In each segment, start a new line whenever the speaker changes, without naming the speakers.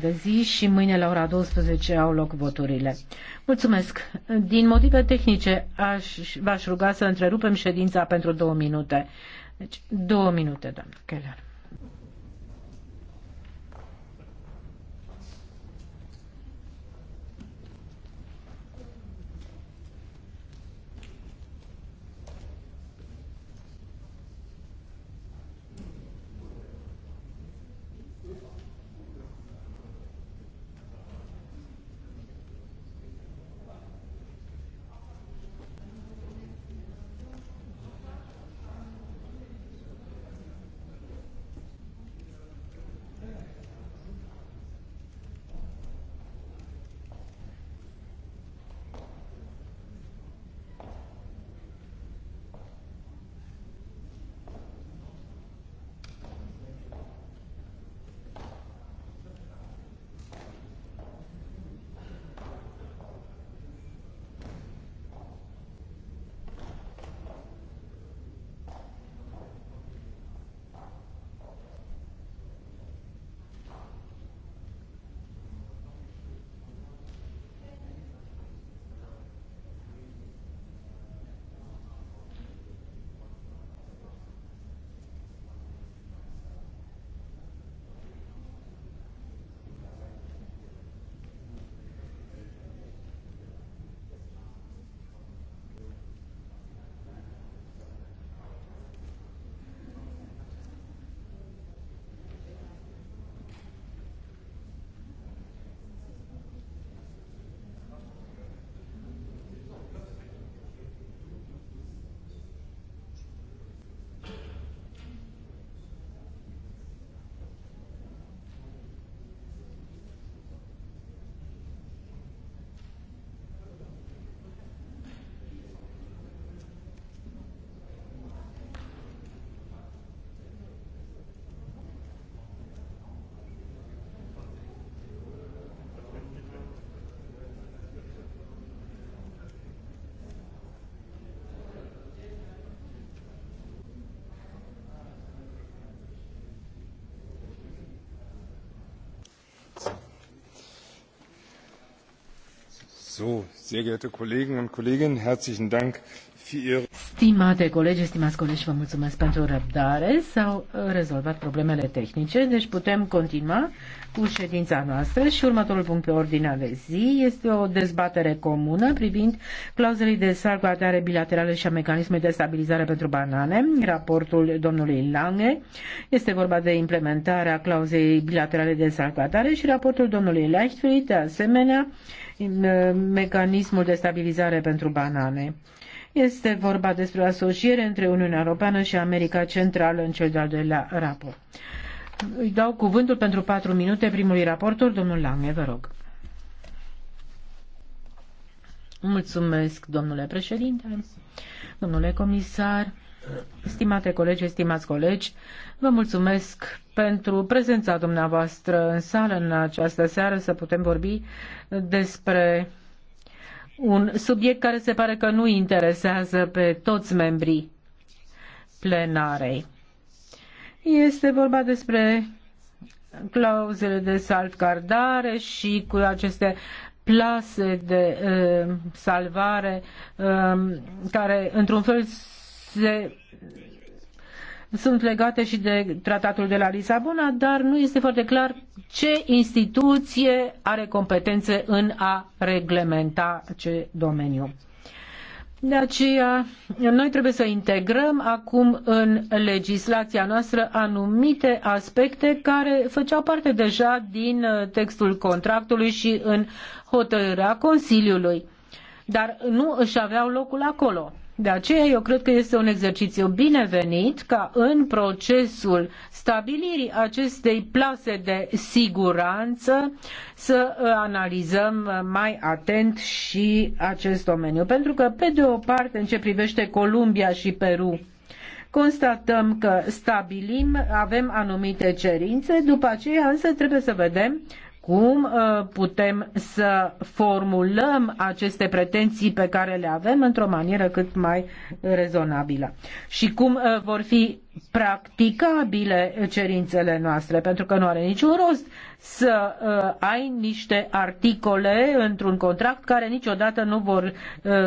de zi și mâine la ora 12 au loc voturile. Mulțumesc. Din motive tehnice aș, v-aș ruga să întrerupem ședința pentru două minute. Deci, două minute, doamnă Keller. Stimate colegi, stimați colegi, vă mulțumesc pentru răbdare. S-au uh, rezolvat problemele tehnice, deci putem continua cu ședința noastră și următorul punct pe ordinea de zi este o dezbatere comună privind clauzele de salvgardare bilaterale și a mecanismului de stabilizare pentru banane. Raportul domnului Lange este vorba de implementarea clauzei bilaterale de salvgardare și raportul domnului Leichtfried, de asemenea, Uh, mecanismul de stabilizare pentru banane. Este vorba despre o asociere între Uniunea Europeană și America Centrală în cel de-al doilea raport. Îi dau cuvântul pentru patru minute primului raportor, domnul Lange, vă rog. Mulțumesc, domnule președinte, domnule comisar, stimate colegi, stimați colegi, vă mulțumesc pentru prezența dumneavoastră în sală în această seară, să putem vorbi despre un subiect care se pare că nu interesează pe toți membrii plenarei. Este vorba despre clauzele de salvgardare și cu aceste plase de uh, salvare uh, care într-un fel se sunt legate și de tratatul de la Lisabona, dar nu este foarte clar ce instituție are competențe în a reglementa ce domeniu. De aceea, noi trebuie să integrăm acum în legislația noastră anumite aspecte care făceau parte deja din uh, textul contractului și în hotărârea Consiliului, dar nu își aveau locul acolo. De aceea eu cred că este un exercițiu binevenit ca în procesul stabilirii acestei plase de siguranță să uh, analizăm uh, mai atent și acest domeniu. Pentru că, pe de o parte, în ce privește Columbia și Peru, constatăm că stabilim, avem anumite cerințe, după aceea însă trebuie să vedem cum uh, putem să formulăm aceste pretenții pe care le avem într-o manieră cât mai rezonabilă și cum uh, vor fi practicabile cerințele noastre, pentru că nu are niciun rost să uh, ai niște articole într-un contract care niciodată nu vor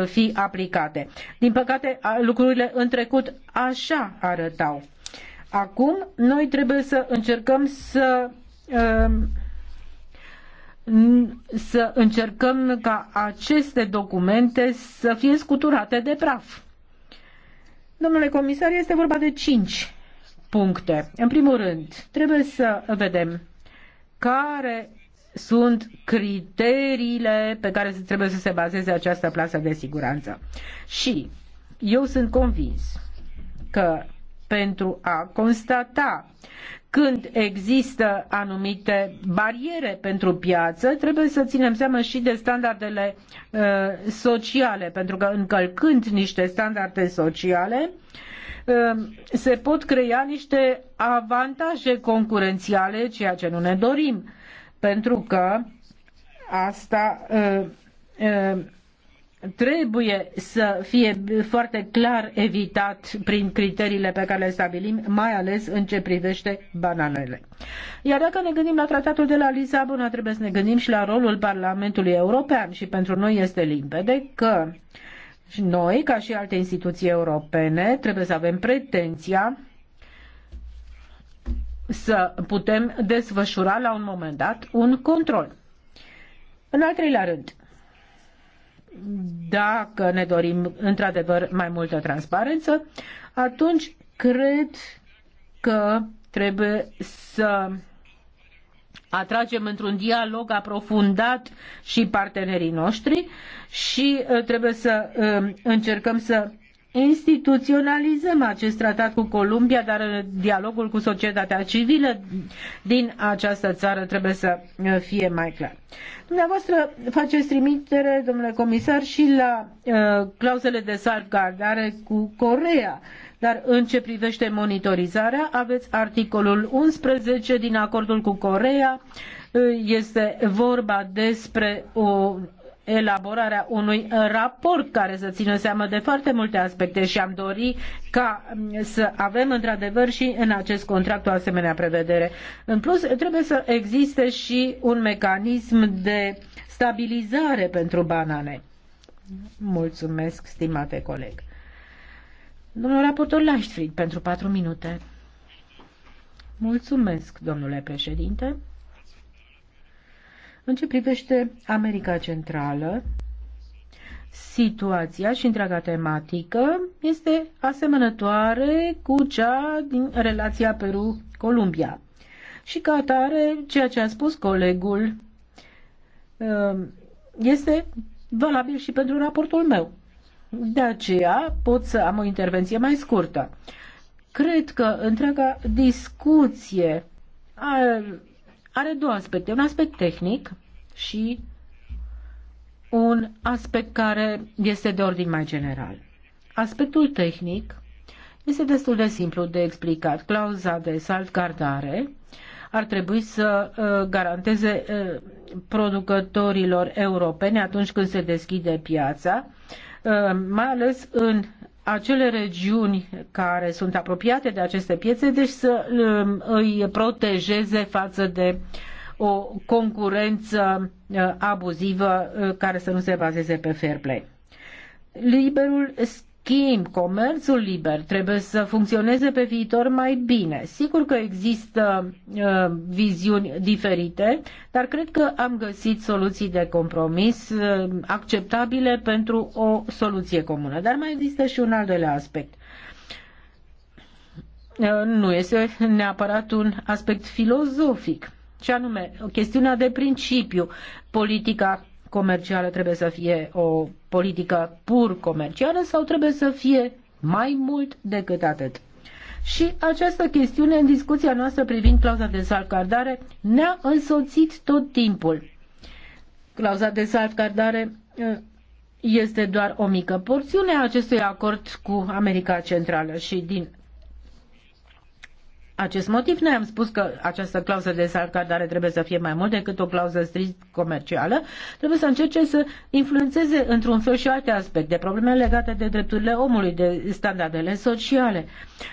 fi aplicate. Din păcate, lucrurile în trecut așa arătau. Acum, noi trebuie să încercăm să să încercăm ca aceste documente să fie scuturate de praf. Domnule comisar, este vorba de cinci puncte. În primul rând, trebuie să vedem care sunt criteriile pe care trebuie să se bazeze această plasă de siguranță. Și eu sunt convins că pentru a constata când există anumite bariere pentru piață, trebuie să ținem seama și de standardele uh, sociale, pentru că încălcând niște standarde sociale, uh, se pot crea niște avantaje concurențiale, ceea ce nu ne dorim, pentru că asta uh, uh trebuie să fie foarte clar evitat prin criteriile pe care le stabilim, mai ales în ce privește bananele. Iar dacă ne gândim la tratatul de la Lisabona, trebuie să ne gândim și la rolul Parlamentului European și pentru noi este limpede că noi, ca și alte instituții europene, trebuie să avem pretenția să putem desfășura la un moment dat un control. În al treilea rând, dacă ne dorim într-adevăr mai multă transparență, atunci cred că trebuie să atragem într-un dialog aprofundat și partenerii noștri și uh, trebuie să uh, încercăm să instituționalizăm acest tratat cu Columbia, dar în uh, dialogul cu societatea civilă din această țară trebuie să uh, fie mai clar. Dumneavoastră faceți trimitere, domnule comisar, și la uh, clauzele de salvgardare cu Corea, dar în ce privește monitorizarea, aveți articolul 11 din acordul cu Corea, uh, este vorba despre o elaborarea unui uh, raport care să țină seama de foarte multe aspecte și am dori ca mm, să avem într-adevăr și în acest contract o asemenea prevedere. În plus, trebuie să existe și un mecanism de stabilizare pentru banane. Mulțumesc, stimate coleg. Domnul raportor Leichtfried, pentru patru minute. Mulțumesc, domnule președinte. În ce privește America Centrală, situația și întreaga tematică este asemănătoare cu cea din relația Peru-Columbia. Și ca atare, ceea ce a spus colegul um, este valabil și pentru raportul meu. De aceea pot să am o intervenție mai scurtă. Cred că întreaga discuție ar are două aspecte. Un aspect tehnic și un aspect care este de ordin mai general. Aspectul tehnic este destul de simplu de explicat. Clauza de salvgardare ar trebui să uh, garanteze uh, producătorilor europene atunci când se deschide piața, uh, mai ales în acele regiuni care sunt apropiate de aceste piețe, deci să um, îi protejeze față de o concurență uh, abuzivă uh, care să nu se bazeze pe fair play. Liberul schimb, comerțul liber trebuie să funcționeze pe viitor mai bine. Sigur că există uh, viziuni diferite, dar cred că am găsit soluții de compromis uh, acceptabile pentru o soluție comună. Dar mai există și un al doilea aspect. Uh, nu este neapărat un aspect filozofic, ce anume chestiunea de principiu. Politica comercială trebuie să fie o politică pur comercială sau trebuie să fie mai mult decât atât. Și această chestiune în discuția noastră privind clauza de salvgardare ne-a însoțit tot timpul. Clauza de salvgardare uh, este doar o mică porțiune a acestui acord cu America Centrală și din acest motiv noi am spus că această clauză de salvgardare trebuie să fie mai mult decât o clauză strict comercială, trebuie să încerce să influențeze într-un fel și alte aspecte, probleme legate de drepturile omului, de standardele sociale,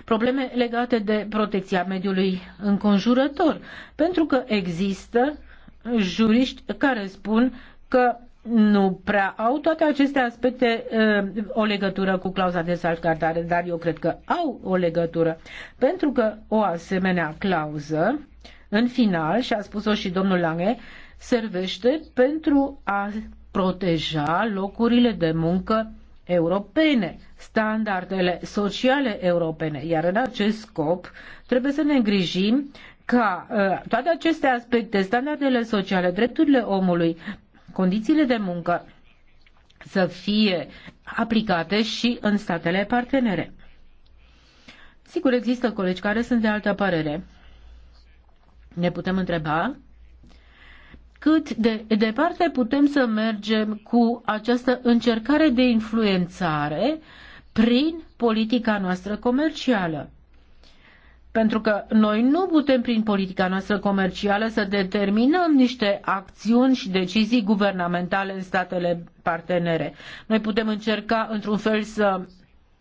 probleme legate de protecția mediului înconjurător, pentru că există juriști care spun că nu prea au toate aceste aspecte uh, o legătură cu clauza de salvgardare, dar eu cred că au o legătură, pentru că o asemenea clauză, în final, și a spus-o și domnul Lange, servește pentru a proteja locurile de muncă europene, standardele sociale europene, iar în acest scop trebuie să ne îngrijim ca uh, toate aceste aspecte, standardele sociale, drepturile omului, condițiile de muncă să fie aplicate și în statele partenere. Sigur, există colegi care sunt de altă părere. Ne putem întreba cât de departe putem să mergem cu această încercare de influențare prin politica noastră comercială. Pentru că noi nu putem, prin politica noastră comercială, să determinăm niște acțiuni și decizii guvernamentale în statele partenere. Noi putem încerca, într-un fel, să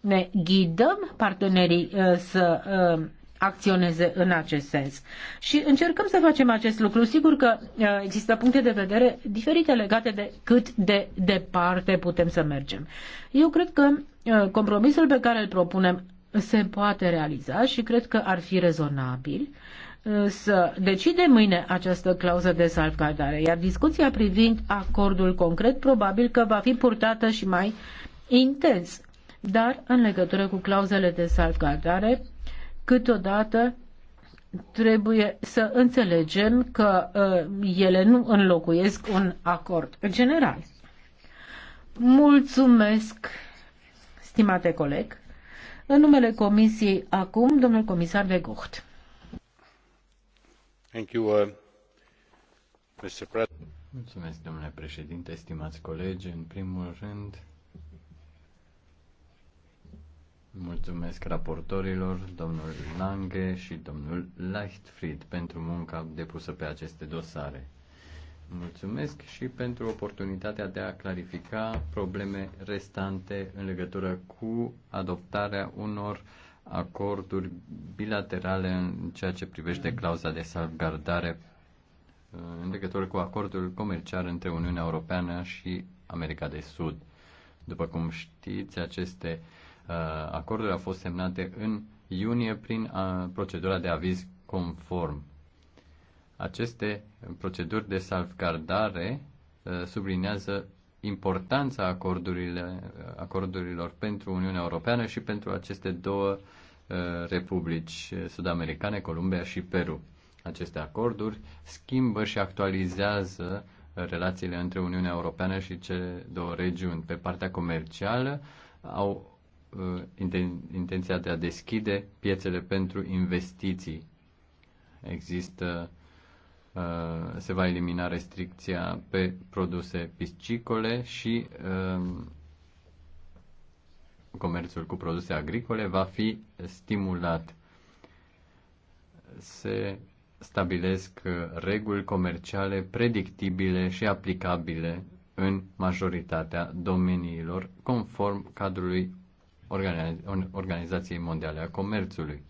ne ghidăm partenerii uh, să uh, acționeze în acest sens. Și încercăm să facem acest lucru. Sigur că uh, există puncte de vedere diferite legate de cât de departe putem să mergem. Eu cred că compromisul pe care îl propunem se poate realiza și cred că ar fi rezonabil uh, să decide mâine această clauză de salvgardare, iar discuția privind acordul concret probabil că va fi purtată și mai intens. Dar în legătură cu clauzele de salvgardare, câteodată trebuie să înțelegem că uh, ele nu înlocuiesc un acord general. Mulțumesc, stimate coleg. În numele Comisiei acum, domnul comisar de
Gucht. Uh, mulțumesc, domnule președinte, stimați colegi. În primul rând, mulțumesc raportorilor, domnul Lange și domnul Leichtfried, pentru munca depusă pe aceste dosare mulțumesc și pentru oportunitatea de a clarifica probleme restante în legătură cu adoptarea unor acorduri bilaterale în ceea ce privește clauza de salvgardare în legătură cu acordul comercial între Uniunea Europeană și America de Sud. După cum știți, aceste uh, acorduri au fost semnate în iunie prin uh, procedura de aviz conform. Aceste proceduri de salvgardare uh, sublinează importanța uh, acordurilor pentru Uniunea Europeană și pentru aceste două uh, republici sud-americane, Columbia și Peru. Aceste acorduri schimbă și actualizează relațiile între Uniunea Europeană și cele două regiuni. Pe partea comercială au intenția de a deschide piețele pentru investiții. Există Uh, se va elimina restricția pe produse piscicole și um, comerțul cu produse agricole va fi stimulat. Se stabilesc uh, reguli comerciale predictibile și aplicabile în majoritatea domeniilor, conform cadrului Organizației Mondiale a Comerțului.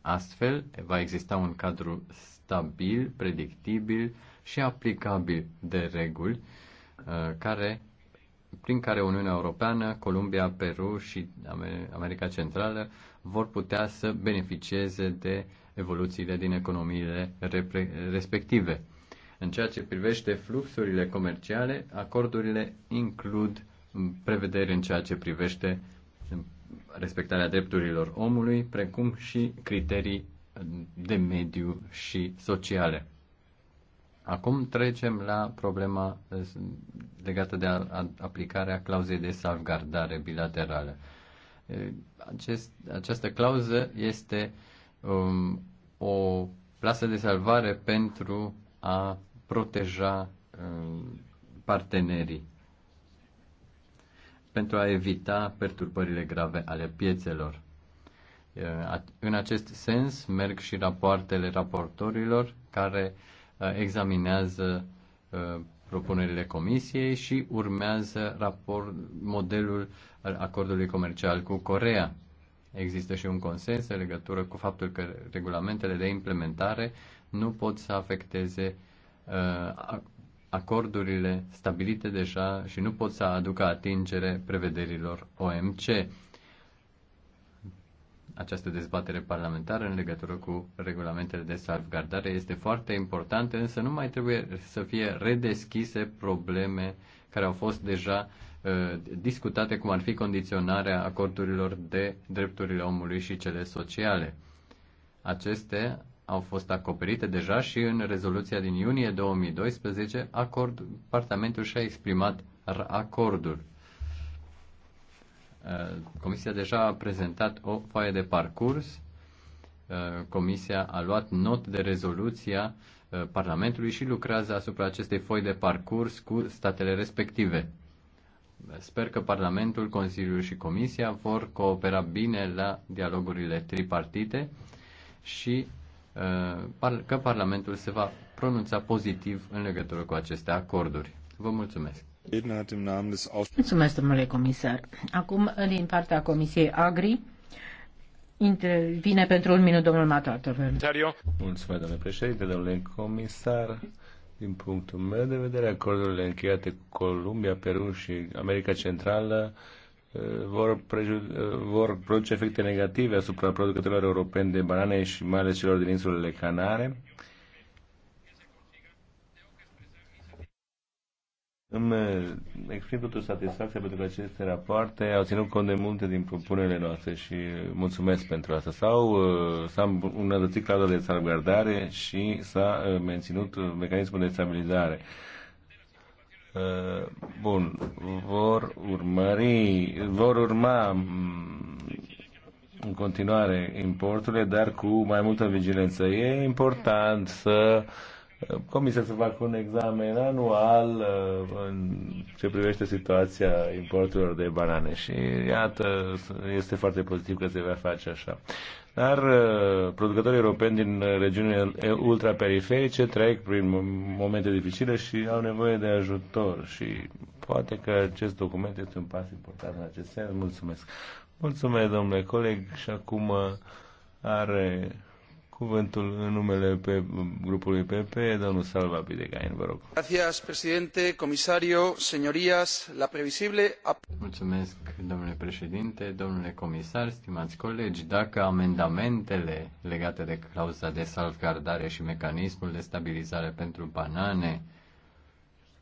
Astfel, va exista un cadru stabil, predictibil și aplicabil de reguli uh, care, prin care Uniunea Europeană, Columbia, Peru și America Centrală vor putea să beneficieze de evoluțiile din economiile respective. În ceea ce privește fluxurile comerciale, acordurile includ prevederi în ceea ce privește respectarea drepturilor omului, precum și criterii de mediu și sociale. Acum trecem la problema eh, legată de aplicarea clauzei de salvgardare bilaterală. Eh, acest, această clauză este um, o plasă de salvare pentru a proteja um, partenerii, pentru a evita perturbările grave ale piețelor. În acest sens merg și rapoartele raportorilor care examinează propunerile comisiei și urmează raport, modelul acordului comercial cu Corea. Există și un consens în legătură cu faptul că regulamentele de implementare nu pot să afecteze uh, acordurile stabilite deja și nu pot să aducă atingere prevederilor OMC această dezbatere parlamentară în legătură cu regulamentele de salvgardare este foarte importantă, însă nu mai trebuie să fie redeschise probleme care au fost deja uh, discutate, cum ar fi condiționarea acordurilor de drepturile omului și cele sociale. Aceste au fost acoperite deja și în rezoluția din iunie 2012, acord, Parlamentul și-a exprimat acordul Uh, Comisia deja a prezentat o foaie de parcurs. Uh, Comisia a luat not de rezoluția uh, Parlamentului și lucrează asupra acestei foi de parcurs cu statele respective. Sper că Parlamentul, Consiliul și Comisia vor coopera bine la dialogurile tripartite și că Parlamentul se va pronunța pozitiv în legătură cu aceste acorduri. Vă mulțumesc! Mulțumesc, domnule comisar.
Acum, din partea Comisiei Agri, intervine pentru un minut domnul Matar.
Mulțumesc, domnule președinte, domnule comisar. Din punctul meu de vedere, acordurile încheiate cu Columbia, Peru și America Centrală eh, vor, preju- eh, vor produce efecte negative asupra producătorilor europeni de banane și mai ales celor din insulele Canare Îmi exprim totuși satisfacția pentru că aceste rapoarte au ținut cont de multe din propunerile noastre și mulțumesc pentru asta. S-au, uh, s-a clauza de salvgardare și s-a uh, menținut mecanismul de stabilizare. Uh, bun, vor urmări, vor urma mm, în continuare importurile, dar cu mai multă vigilență. E important să uh, Comisia să facă un examen anual uh, în ce privește situația importurilor de banane și iată, este foarte pozitiv că se va face așa. Dar uh, producătorii europeni din regiunile ultraperiferice trec prin momente dificile și au nevoie de ajutor și poate că acest document este un pas important în acest sens. Mulțumesc! Mulțumesc, domnule coleg, și acum uh, are cuvântul în numele pe grupului PP, domnul Salva Bidegain, vă rog.
Gracias, comisario, señorías, la previsible... Mulțumesc, domnule președinte, domnule comisar, stimați colegi. Dacă amendamentele legate de clauza de salvgardare și mecanismul de stabilizare pentru banane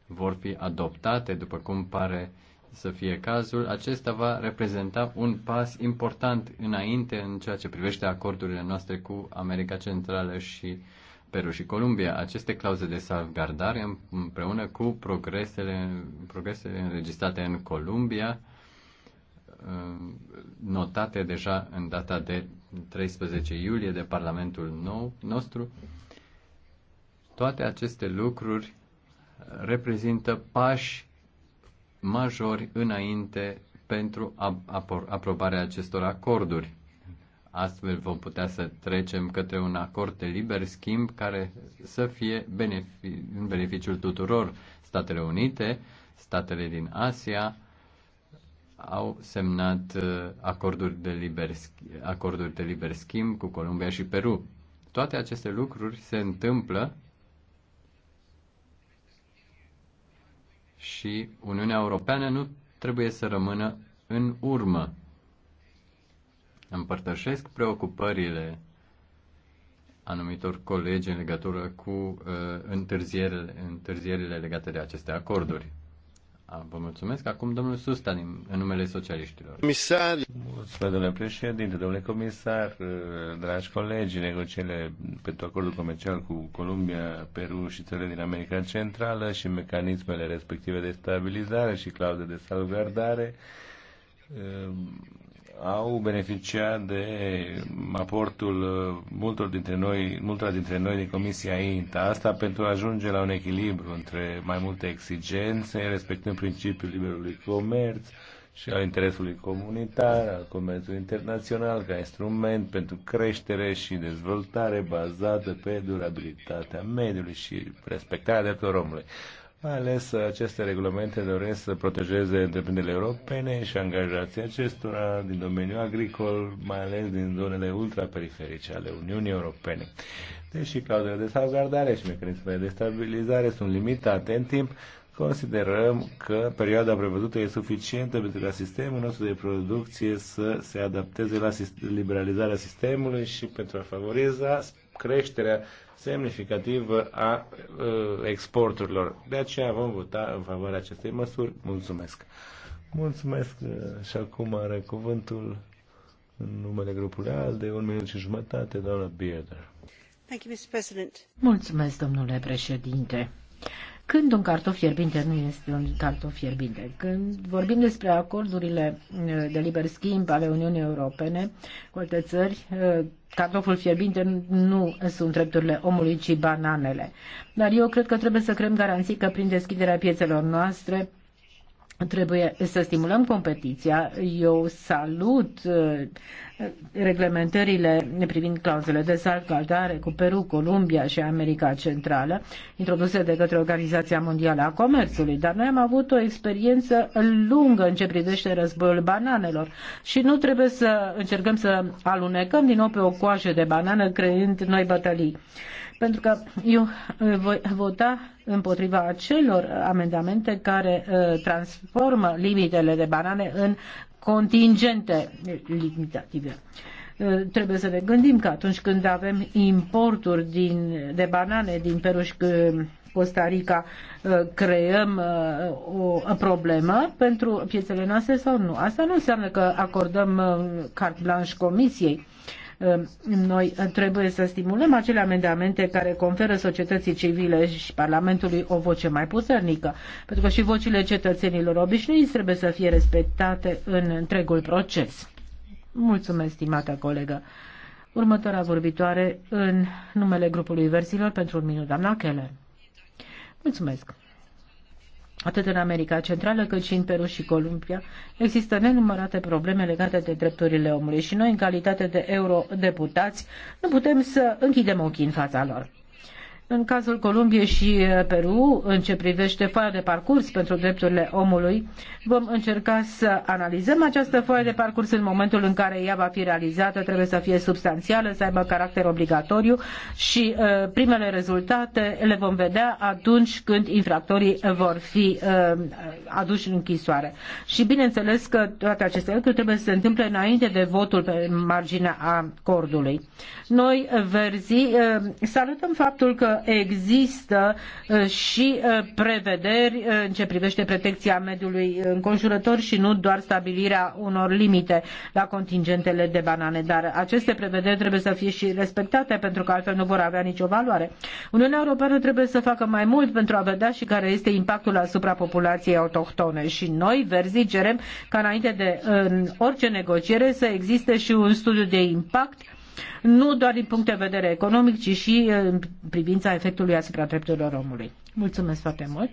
vor fi adoptate, după cum pare să fie cazul, acesta va reprezenta un pas important înainte în ceea ce privește acordurile noastre cu America Centrală și Peru și Columbia. Aceste clauze de salvgardare împreună cu progresele, progresele înregistrate în Columbia, um, notate deja în data de 13 iulie de Parlamentul nou, nostru, toate aceste lucruri reprezintă pași majori înainte pentru aprobarea acestor acorduri. Astfel vom putea să trecem către un acord de liber schimb care să fie benefic- în beneficiul tuturor. Statele Unite, statele din Asia au semnat uh, acorduri de liber, acorduri de liber schimb cu Columbia și Peru. Toate aceste lucruri se întâmplă și Uniunea Europeană nu trebuie să rămână în urmă. Împărtășesc preocupările anumitor colegi în legătură cu uh, întârzierile, întârzierile legate de aceste acorduri. Vă mulțumesc. Acum domnul Sustan, în numele socialiștilor.
Comisar. Mulțumesc, domnule președinte, domnule comisar, uh, dragi colegi, negocierile pentru acordul comercial cu Columbia, Peru și țările din America Centrală și mecanismele respective de stabilizare și clauze de salvgardare uh, au beneficiat de aportul uh, multor dintre noi, multora dintre noi din Comisia INTA. Asta pentru a ajunge la un echilibru între mai multe exigențe, respectând principiul liberului comerț și al interesului comunitar, al comerțului internațional ca instrument pentru creștere și dezvoltare bazată pe durabilitatea mediului și respectarea drepturilor omului. Mai ales aceste regulamente doresc să protejeze întreprinderile europene și angajații acestora din domeniul agricol, mai ales din zonele ultraperiferice ale Uniunii Europene. Deși clauzele de salvgardare și mecanismele de stabilizare sunt limitate în timp, considerăm că perioada prevăzută e suficientă pentru ca sistemul nostru de producție să se adapteze la liberalizarea sistemului și pentru a favoriza creșterea semnificativ a exporturilor. De aceea vom vota în favoarea acestei măsuri. Mulțumesc! Mulțumesc uh, și acum are cuvântul în numele grupului al de un minut și jumătate, doamna Bearder.
Mulțumesc, domnule președinte când un cartof fierbinte nu este un cartof fierbinte. Când vorbim despre acordurile uh, de liber schimb ale Uniunii Europene cu alte țări, uh, cartoful fierbinte nu sunt drepturile omului, ci bananele. Dar eu cred că trebuie să creăm garanții că prin deschiderea piețelor noastre trebuie să stimulăm competiția. Eu salut uh, reglementările privind clauzele de salvgardare cu Peru, Columbia și America Centrală, introduse de către Organizația Mondială a Comerțului, dar noi am avut o experiență lungă în ce privește războiul bananelor și nu trebuie să încercăm să alunecăm din nou pe o coajă de banană creând noi bătălii. Pentru că eu voi vota împotriva acelor amendamente care uh, transformă limitele de banane în contingente limitative uh, trebuie să ne gândim că atunci când avem importuri din, de banane din Peru și uh, Costa Rica, creăm o problemă pentru piețele noastre sau nu. Asta nu înseamnă că acordăm carte blanche comisiei. Ehm, noi trebuie să stimulăm acele amendamente care conferă societății civile și Parlamentului o voce mai puternică, pentru că și vocile cetățenilor obișnuiți trebuie să fie respectate în întregul proces. Mulțumesc, stimată colegă. Următoarea vorbitoare în numele grupului versilor pentru un minut, doamna Keller. Mulțumesc atât în America Centrală cât și în Peru și Columbia, există nenumărate probleme legate de drepturile omului și noi, în calitate de eurodeputați, nu putem să închidem ochii în fața lor. În cazul Columbiei și Peru, în ce privește foaia de parcurs pentru drepturile omului, vom încerca să analizăm această foaie de parcurs în momentul în care ea va fi realizată, trebuie să fie substanțială, să aibă caracter obligatoriu și primele rezultate le vom vedea atunci când infractorii vor fi aduși în închisoare. Și bineînțeles că toate aceste lucruri trebuie să se întâmple înainte de votul pe marginea acordului. Noi, verzii, salutăm faptul că există uh, și uh, prevederi uh, în ce privește protecția mediului înconjurător și nu doar stabilirea unor limite la contingentele de banane, dar aceste prevederi trebuie să fie și respectate pentru că altfel nu vor avea nicio valoare. Uniunea Europeană trebuie să facă mai mult pentru a vedea și care este impactul asupra populației autohtone și noi, verzii, cerem ca înainte de în orice negociere să existe și un studiu de impact nu doar din punct de vedere economic, ci și în privința efectului asupra drepturilor omului. Mulțumesc foarte mult!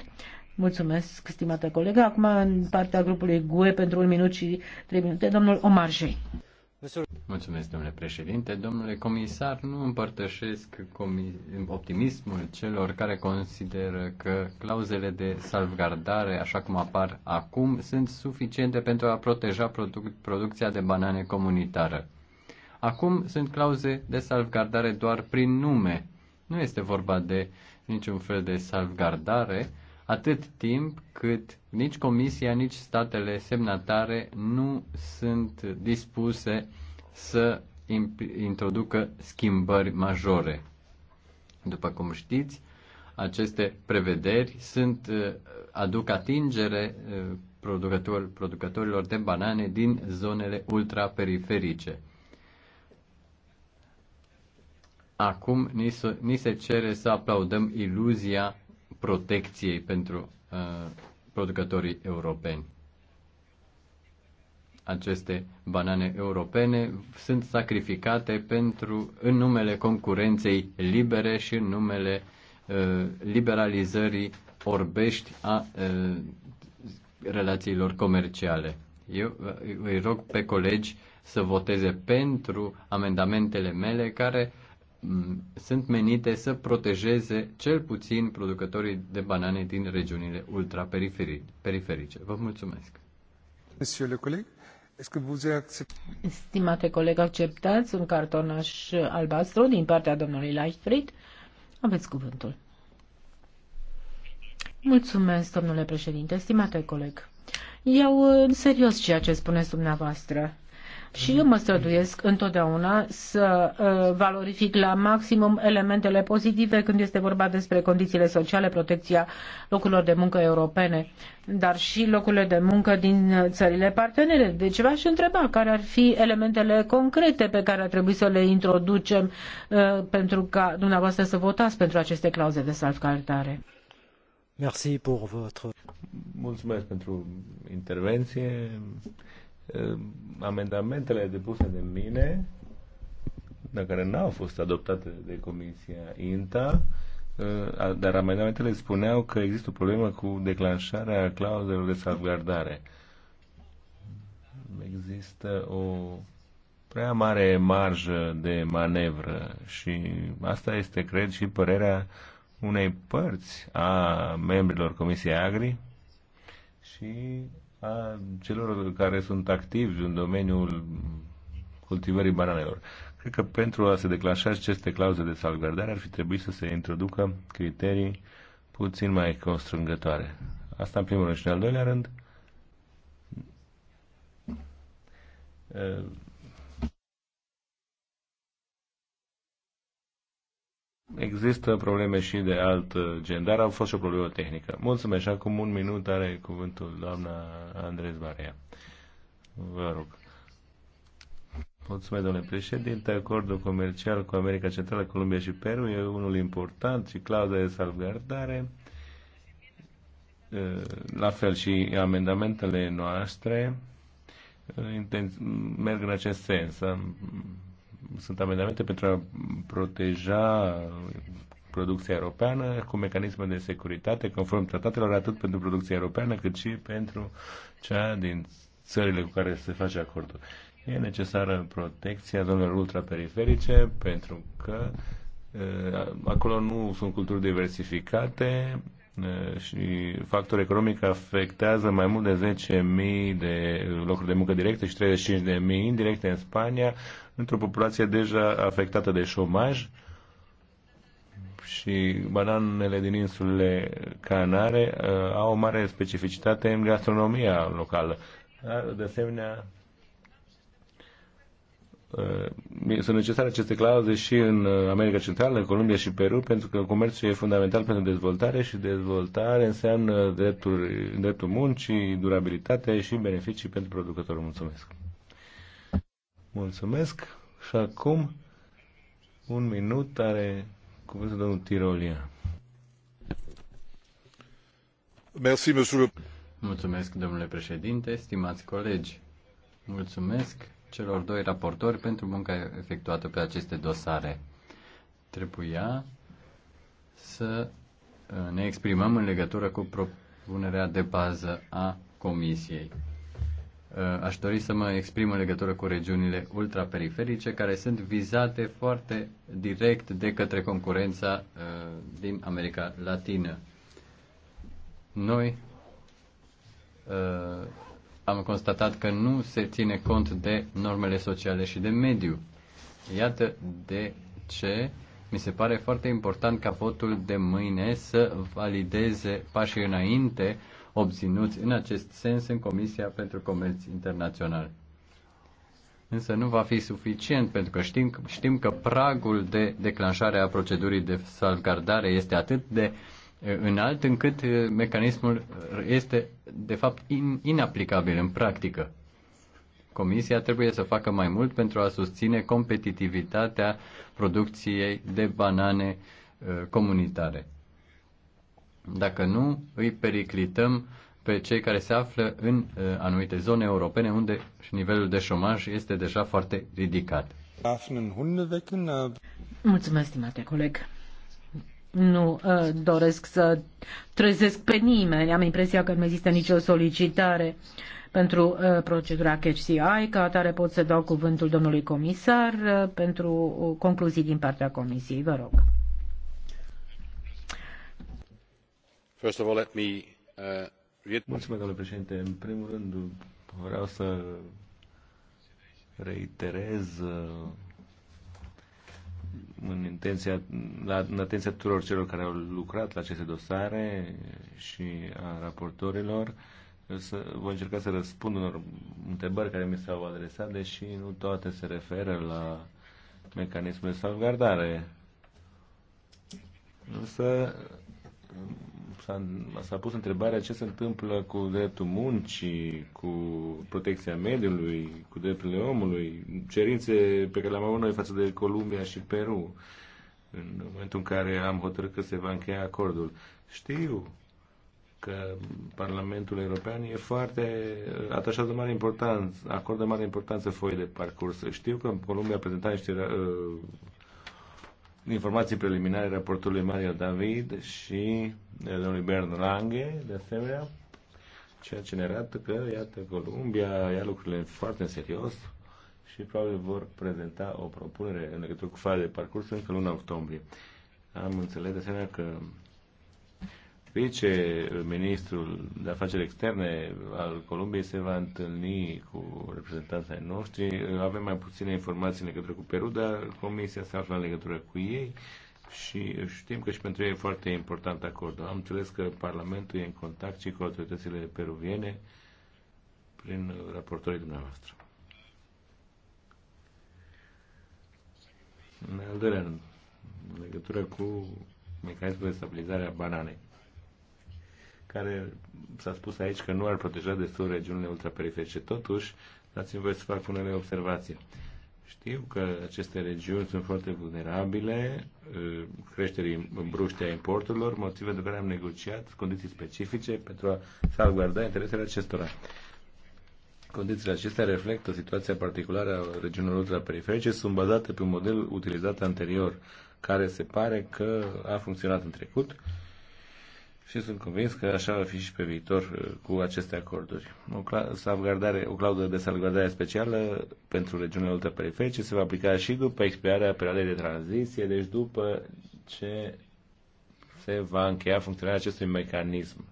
Mulțumesc, stimată colegă. Acum, în partea grupului GUE, pentru un minut și trei minute, domnul Omarjei.
Mulțumesc, domnule președinte. Domnule comisar, nu împărtășesc optimismul celor care consideră că clauzele de salvgardare, așa cum apar acum, sunt suficiente pentru a proteja produc- producția de banane comunitară. Acum sunt clauze de salvgardare doar prin nume. Nu este vorba de niciun fel de salvgardare, atât timp cât nici Comisia, nici statele semnatare nu sunt dispuse să introducă schimbări majore. După cum știți, aceste prevederi sunt, uh, aduc atingere uh, producător, producătorilor de banane din zonele ultraperiferice. Acum ni se, ni se cere să aplaudăm iluzia protecției pentru uh, producătorii europeni. Aceste banane europene sunt sacrificate pentru în numele concurenței libere și în numele uh, liberalizării orbești a uh, relațiilor comerciale. Eu uh, îi rog pe colegi să voteze pentru amendamentele mele care uh, sunt menite să protejeze cel puțin producătorii de banane din regiunile ultraperiferice. Vă mulțumesc.
Stimate coleg, acceptați un cartonaș albastru din partea domnului Leichtfried? Aveți cuvântul. Mulțumesc, domnule președinte. Stimate coleg, iau în serios ceea ce spuneți dumneavoastră și eu mă străduiesc întotdeauna să uh, valorific la maximum elementele pozitive când este vorba despre condițiile sociale, protecția locurilor de muncă europene, dar și locurile de muncă din uh, țările partenere. Deci v-aș întreba care ar fi elementele concrete pe care ar trebui să le introducem uh, pentru ca dumneavoastră să votați pentru aceste clauze de salvcartare.
Merci pour votre... Mulțumesc pentru intervenție. Ehm, amendamentele depuse de mine, dar care n-au fost adoptate de Comisia INTA, eh, dar amendamentele spuneau că există o problemă cu declanșarea clauzelor de salvgardare. Există o prea mare marjă de manevră și asta este, cred, și părerea unei părți a membrilor Comisiei Agri și a celor care sunt activi în domeniul cultivării bananelor. Cred că pentru a se declanșa aceste clauze de salvgardare ar fi trebuit să se introducă criterii puțin mai constrângătoare. Asta în primul rând și în al doilea rând Există probleme și de alt uh, gen, dar a fost și o problemă tehnică. Mulțumesc și acum un minut are cuvântul doamna Andres Barea. Vă rog. Mulțumesc, domnule președinte. Acordul comercial cu America Centrală, Columbia și Peru e unul important și clauza de salvgardare. Uh, la fel și amendamentele noastre uh, merg în acest sens sunt amendamente pentru a proteja producția europeană cu mecanisme de securitate conform tratatelor atât pentru producția europeană cât și pentru cea din țările cu care se face acordul. E necesară protecția zonelor ultraperiferice pentru că acolo nu sunt culturi diversificate, și factorul economic afectează mai mult de 10.000 de locuri de muncă directe și 35.000 indirecte în Spania, într-o populație deja afectată de șomaj și bananele din insulele Canare uh, au o mare specificitate în gastronomia locală. de asemenea, Uh, sunt necesare aceste clauze și în uh, America Centrală, în Columbia și Peru, pentru că comerțul e fundamental pentru dezvoltare și dezvoltare înseamnă drepturi, dreptul muncii, durabilitate și beneficii pentru producătorul. Mulțumesc! Mulțumesc! Și acum un
minut are cuvântul domnul Tirolia. Mulțumesc, domnule președinte, stimați colegi. Mulțumesc celor doi raportori pentru munca efectuată pe aceste dosare. Trebuia să uh, ne exprimăm în legătură cu propunerea de bază a Comisiei. Uh, aș dori să mă exprim în legătură cu regiunile ultraperiferice care sunt vizate foarte direct de către concurența uh, din America Latină. Noi am constatat că nu se ține cont de normele sociale și de mediu. Iată de ce mi se pare foarte important ca votul de mâine să valideze pașii înainte obținuți în acest sens în Comisia pentru Comerț Internațional. Însă nu va fi suficient pentru că știm, știm că pragul de declanșare a procedurii de salvgardare este atât de uh, înalt încât uh, mecanismul este de fapt in, inaplicabil în practică. Comisia trebuie să facă mai mult pentru a susține competitivitatea producției de banane uh, comunitare. Dacă nu, îi periclităm pe cei care se află în uh, anumite zone europene unde nivelul de șomaj este deja foarte ridicat.
Mulțumesc, stimate coleg nu uh, doresc să trezesc pe nimeni. Am impresia că nu există nicio solicitare pentru uh, procedura CHCI. Ca atare pot să dau cuvântul domnului comisar uh, pentru uh, concluzii din partea comisiei. Vă rog.
First of all,
let me, uh, Mulțumesc, domnule președinte. În primul rând, vreau să reiterez uh, în, intenția, la, în atenția tuturor celor care au lucrat la aceste dosare și a raportorilor. Să, voi încerca să răspund unor întrebări care mi s-au adresat, deși nu toate se referă la mecanismul de salvgardare. Însă s-a pus întrebarea ce se întâmplă cu dreptul muncii, cu protecția mediului, cu drepturile omului, cerințe pe care le-am avut noi față de Columbia și Peru, în momentul în care am hotărât că se va încheia acordul. Știu că Parlamentul European e foarte uh, atașat de mare importanță, acordă mare importanță foi de parcurs. Știu că în Columbia a prezentat niște uh, informații preliminare raportului Mario David și eh, domnului Bern Lange, de asemenea, ceea ce ne arată că, iată, Columbia ia lucrurile foarte în serios și probabil vor prezenta o propunere în legătură cu faza de parcurs încă luna octombrie. Am înțeles de asemenea că ministrul de afaceri externe al Columbiei se va întâlni cu reprezentanții noștri. Avem mai puține informații în legătură cu Peru, dar Comisia se află în legătură cu ei și știm că și pentru ei e foarte important acordul. Am înțeles că Parlamentul e în contact și cu autoritățile peruviene prin raportorii dumneavoastră. În al doilea rând, în legătură cu mecanismul de stabilizare a bananei care s-a spus aici că nu ar proteja destul regiunile ultraperiferice. Totuși, dați-mi voi să fac unele observații. Știu că aceste regiuni sunt foarte vulnerabile uh, creșterii bruște a importurilor, motive de care am negociat condiții specifice pentru a salvgarda interesele acestora. Condițiile acestea reflectă situația particulară a regiunilor ultraperiferice, sunt bazate pe un model utilizat anterior, care se pare că a funcționat în trecut și sunt convins că așa va fi și pe viitor uh, cu aceste acorduri. O, salvgardare, o claudă de salvgardare specială pentru regiunile ultraperiferice se va aplica și după expirarea perioadei de tranziție, deci după ce se va încheia funcționarea acestui mecanism.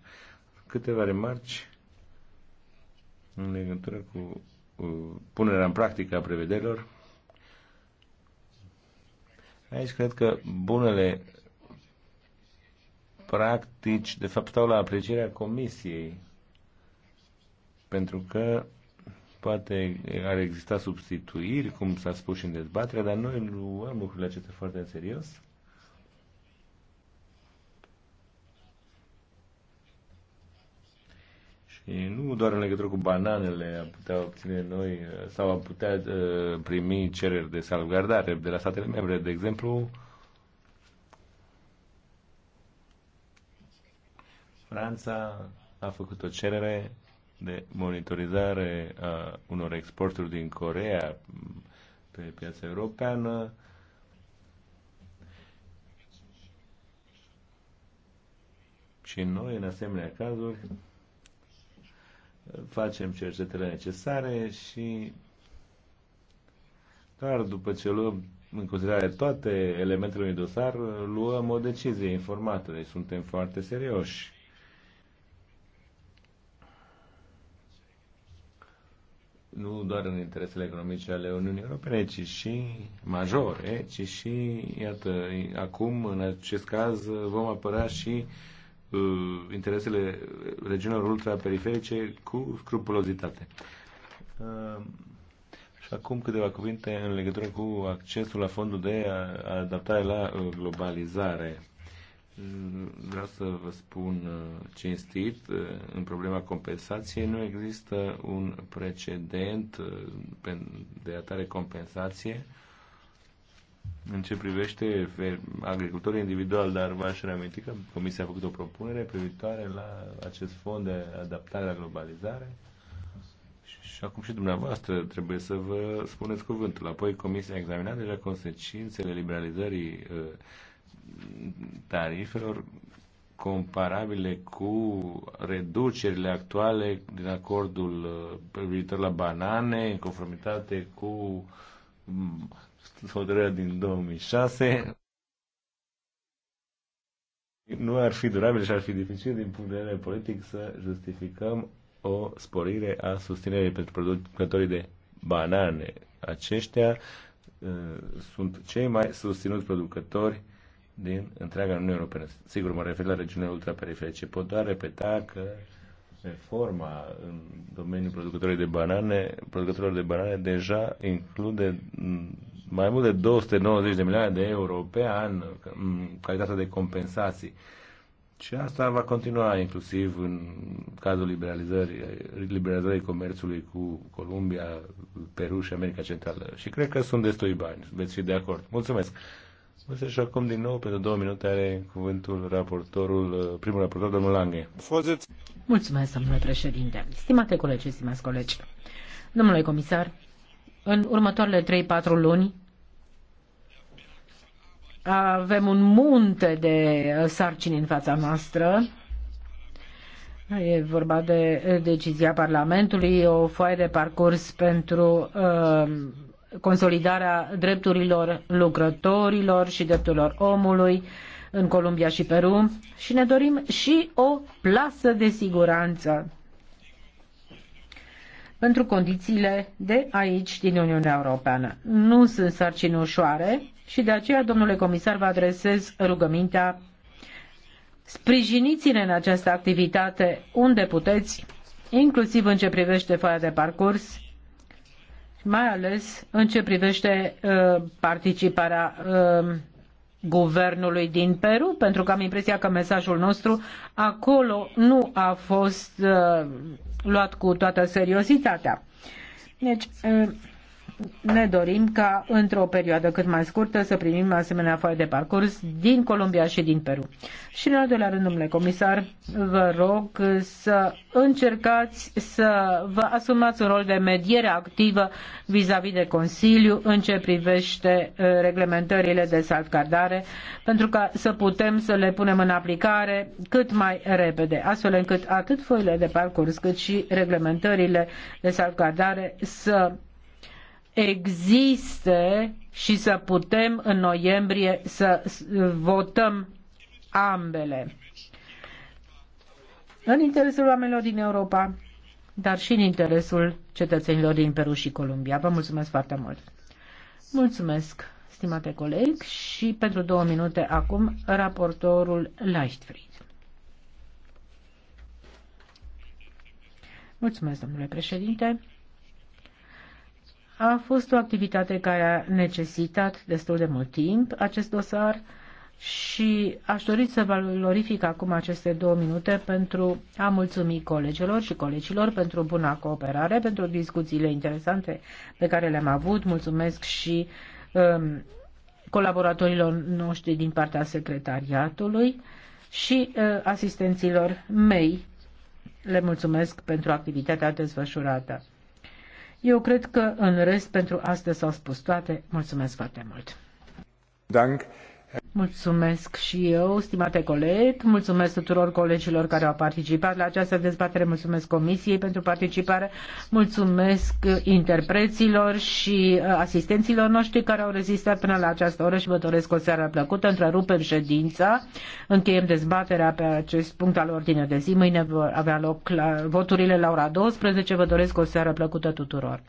Câteva remarci în legătură cu uh, punerea în practică a prevederilor Aici cred că bunele practici, de fapt, stau la aprecierea comisiei. Pentru că poate ar exista substituiri, cum s-a spus și în dezbatere, dar noi luăm lucrurile acestea foarte în serios. Și nu doar în legătură cu bananele am putea obține noi sau am putea uh, primi cereri de salvgardare de la statele membre. De exemplu, uh, Franța a făcut o cerere de monitorizare a unor exporturi din Corea pe piața europeană. Și noi, în asemenea cazuri, facem cercetările necesare și doar după ce luăm în considerare toate elementele unui dosar, luăm o decizie informată. Deci suntem foarte serioși nu doar în interesele economice ale Uniunii Europene, ci și
majore,
ci și, iată, acum, în acest caz, vom apăra și uh, interesele regiunilor ultraperiferice cu scrupulozitate. Uh, și acum câteva cuvinte în legătură cu accesul la fondul de adaptare la uh, globalizare vreau să vă spun uh, cinstit, uh, în problema compensației nu există un precedent uh, de atare compensație în ce privește agricultorii individual, dar v-aș reaminti că Comisia a făcut o propunere privitoare la acest fond de adaptare la globalizare și acum și dumneavoastră trebuie să vă spuneți cuvântul. Apoi Comisia a examinat deja consecințele liberalizării tarifelor comparabile cu reducerile actuale din acordul uh, privitor la banane, în conformitate cu mm, hotărârea din 2006 nu ar fi durabil și ar fi dificil din punct de vedere politic să justificăm o sporire a susținerii pentru producătorii de banane. Aceștia uh, sunt cei mai susținuți producători din întreaga Uniune Europeană. Sigur, mă refer la regiunile ultraperiferice. Pot doar repeta că reforma în domeniul producătorilor de banane, producătorilor de banane deja include mai mult de 290 de milioane de euro pe an în calitate de compensații. Și asta va continua inclusiv în cazul liberalizării, liberalizării comerțului cu Columbia, Peru și America Centrală. Și cred că sunt destui bani. Veți fi de acord. Mulțumesc! Mulțumesc și acum din nou, pentru două minute, are cuvântul raportorul, uh, primul raportor, domnul Lange.
Mulțumesc, domnule președinte. Stimate colegi, stimați colegi, domnule comisar, în următoarele 3-4 luni avem un munte de uh, sarcini în fața noastră. E vorba de uh, decizia Parlamentului, o foaie de parcurs pentru uh, consolidarea drepturilor lucrătorilor și drepturilor omului în Columbia și Peru și ne dorim și o plasă de siguranță pentru condițiile de aici din Uniunea Europeană. Nu sunt sarcini ușoare și de aceea, domnule comisar, vă adresez rugămintea sprijiniți-ne în această activitate unde puteți, inclusiv în ce privește foaia de parcurs, mai ales în ce privește uh, participarea um, guvernului din Peru, pentru că am impresia că mesajul nostru acolo nu a fost uh, luat cu toată seriozitatea. Deci, uh, ne dorim ca într-o perioadă cât mai scurtă să primim asemenea foaie de parcurs din Columbia și din Peru. Și în al doilea rând, domnule comisar, vă rog să încercați să vă asumați un rol de mediere activă vis-a-vis -vis de Consiliu în ce privește uh, reglementările de salvgardare, pentru ca să putem să le punem în aplicare cât mai repede, astfel încât atât foile de parcurs cât și reglementările de salvgardare să existe și să putem în noiembrie să votăm ambele. În interesul oamenilor din Europa, dar și în interesul cetățenilor din Peru și Columbia. Vă mulțumesc foarte mult! Mulțumesc, stimate coleg, și pentru două minute acum raportorul Leichtfried. Mulțumesc, domnule președinte. A fost o activitate care a necesitat destul de mult timp acest dosar și aș dori să valorific acum aceste două minute pentru a mulțumi colegilor și colegilor pentru buna cooperare, pentru discuțiile interesante pe care le-am avut. Mulțumesc și um, colaboratorilor noștri din partea secretariatului și uh, asistenților mei. Le mulțumesc pentru activitatea desfășurată. Eu cred că în rest pentru astăzi s-au spus toate. Mulțumesc foarte mult! Dank. Mulțumesc și eu, stimate coleg, mulțumesc tuturor colegilor care au participat la această dezbatere, mulțumesc Comisiei pentru participare, mulțumesc interpreților și uh, asistenților noștri care au rezistat până la această oră și vă doresc o seară plăcută, întrerupem ședința, încheiem dezbaterea pe acest punct al ordinei de zi, mâine vor avea loc la, voturile la ora 12, vă doresc o seară plăcută tuturor.